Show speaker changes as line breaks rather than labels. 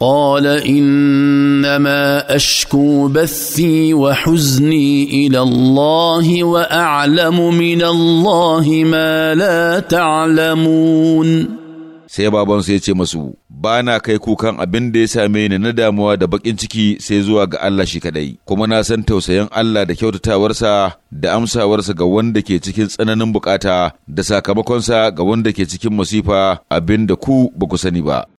قال انما اشكو بثي وحزني الى الله واعلم من الله ما لا تعلمون
sai babansu ya ce masu ba na kai kukan abin da ya same ni na damuwa da bakin ciki sai zuwa ga Allah shi kadai kuma na san tausayin Allah da kyautatawarsa da amsawarsa ga wanda ke cikin tsananin bukata da sakamakonsa ga wanda ke cikin masifa abin da ku ba ku sani ba